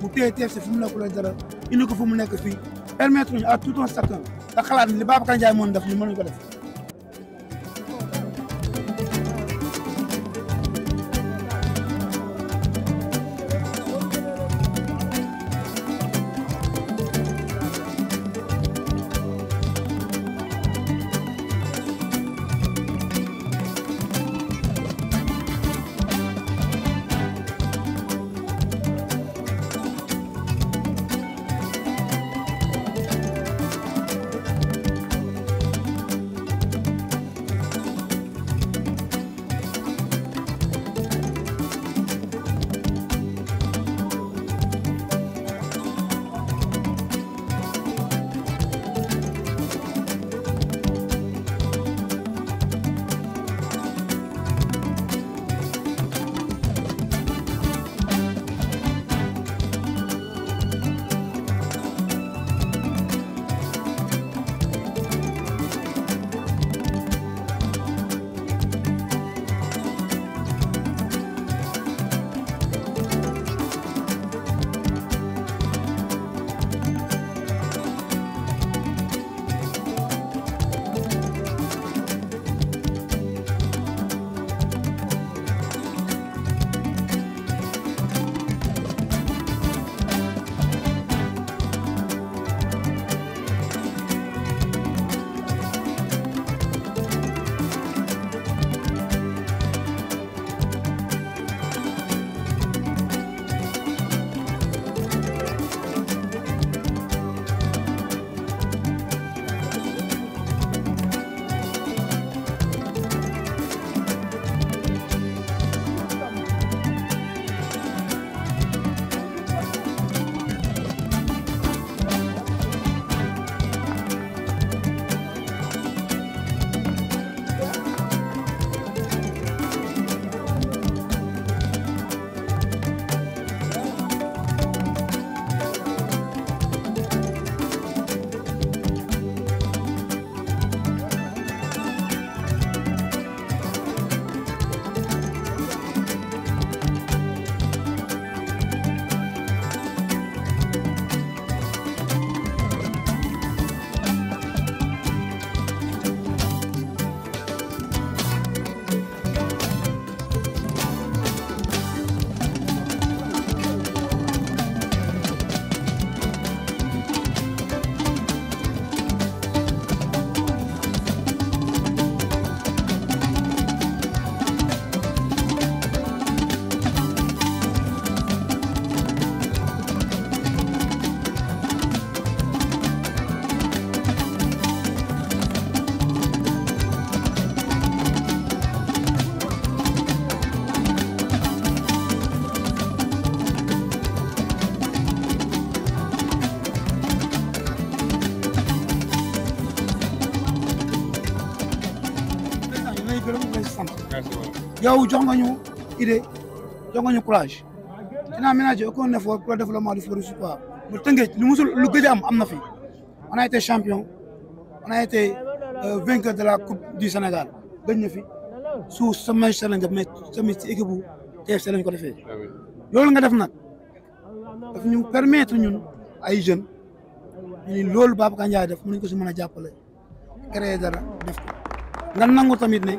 pour que c'est mu nekkul Il dara fait ko nous permettre à tout un chacun de faire yow jox nga ñu idée jox ñu courage dinaa ménager aucun effort pour le développement du Forum du Sud Foire ba Tëngéej lu musul lu gëj am am na fi on a été champion on a été euh, vainqueur senegal la coupe du Sénégal gëj na fi suuf sa magistrat lañ def mais tamit ci équipe bu TFC lañ ko defee. Ah loolu nga def nag daf ñu permettre ñun ay jeunes ñu ni loolu Babacar Ndiaye def ko si mën a jàppale créer def ko nga tamit ne.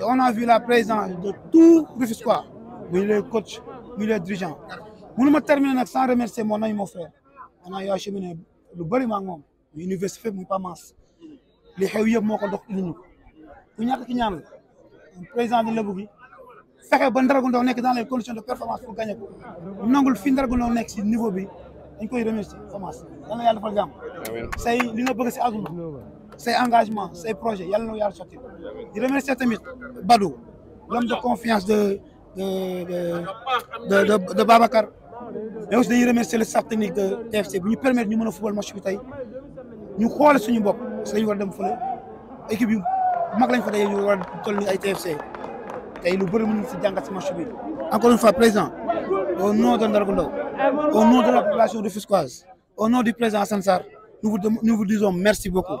Et on a vu la présence de tout Rufisquois, oui, le coach, oui, le dirigeant. Je vais terminer sans remercier mon ami, mon frère. On a eu acheminé le bon mangom, l'université, mais pas masse. Les héros, mon conducteur, nous. Il n'y a que un président de l'Ebougui. Faire un bon ndaw dans les conditions de performance pour gagner ko nangul fi ndaragu ndaw nekk si niveau bi dañ koy remercier Famas dana yàlla defal jàmm say li nga bëgg si àdduna ces engagement say projet yàlla na yàlla sotti Je remercie tamit Badou l'homme de confiance de de de de de Babacar mais aussi je remercie le staff technique de TFC pour nous permettre de mën a football match bi tey ñu xoole suñu bopp parce que dañu war a dem fële équipe yu mag lañ fa daje ñu TFC tey lu bëri mën nañu si jàngat match encore une fois présent au nom de Ndargou au nom de la population de Fusquoise, au nom du président Sansar, nous vous nous vous disons merci beaucoup.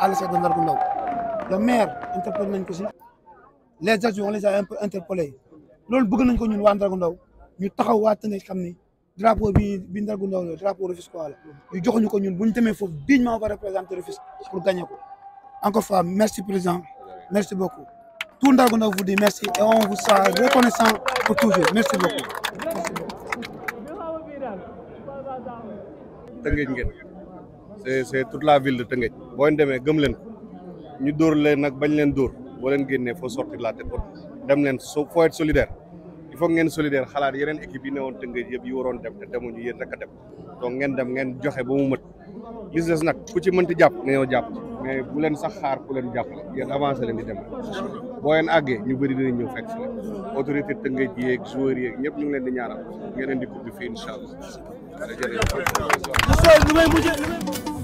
Aly c'est de Ndargou Ndaw le maire interpellé les adjoints on les a un peu interpellés loolu bëgg nañ ko ñun waa Ndargou nous ñu taxaw waa Tëngéej xam drapeau bi bi Ndargou le drapeau Rufisque la ñu joxuñu ko ñun bu ñu demee bien dignement on va représenter Rufisque pour gagner ko encore fois merci président merci beaucoup tout Ndargou Ndaw vous dit merci et on vous sera reconnaissant pour toujours merci beaucoup. Merci beaucoup. c'est c'est toute la ville de Tëngéej boo leen demee gëm leen ñu dóor leen nag bañ leen dóor boo leen génnee faut sortir la tête haute dem leen so faut solidaire il faut ngeen solidaire xalaat yeneen équipe yi ne newoon Tëngéej yëpp yi waroon dem te demuñu yéen rek dem donc ngeen dem ngeen joxe ba mu mët li des nag ku ci mënti jàpp nañoo jàpp mais bu leen sax xaar ku leen jàppale yéen avancé leen di dem boo leen àggee ñu bëri dinañ ñëw fekk si autorité Tëngéej yéeg joueurs yeeg ñëpp ñu leen di ñaanal ngeen leen di coupe bi fii Ousseyn li may mujjee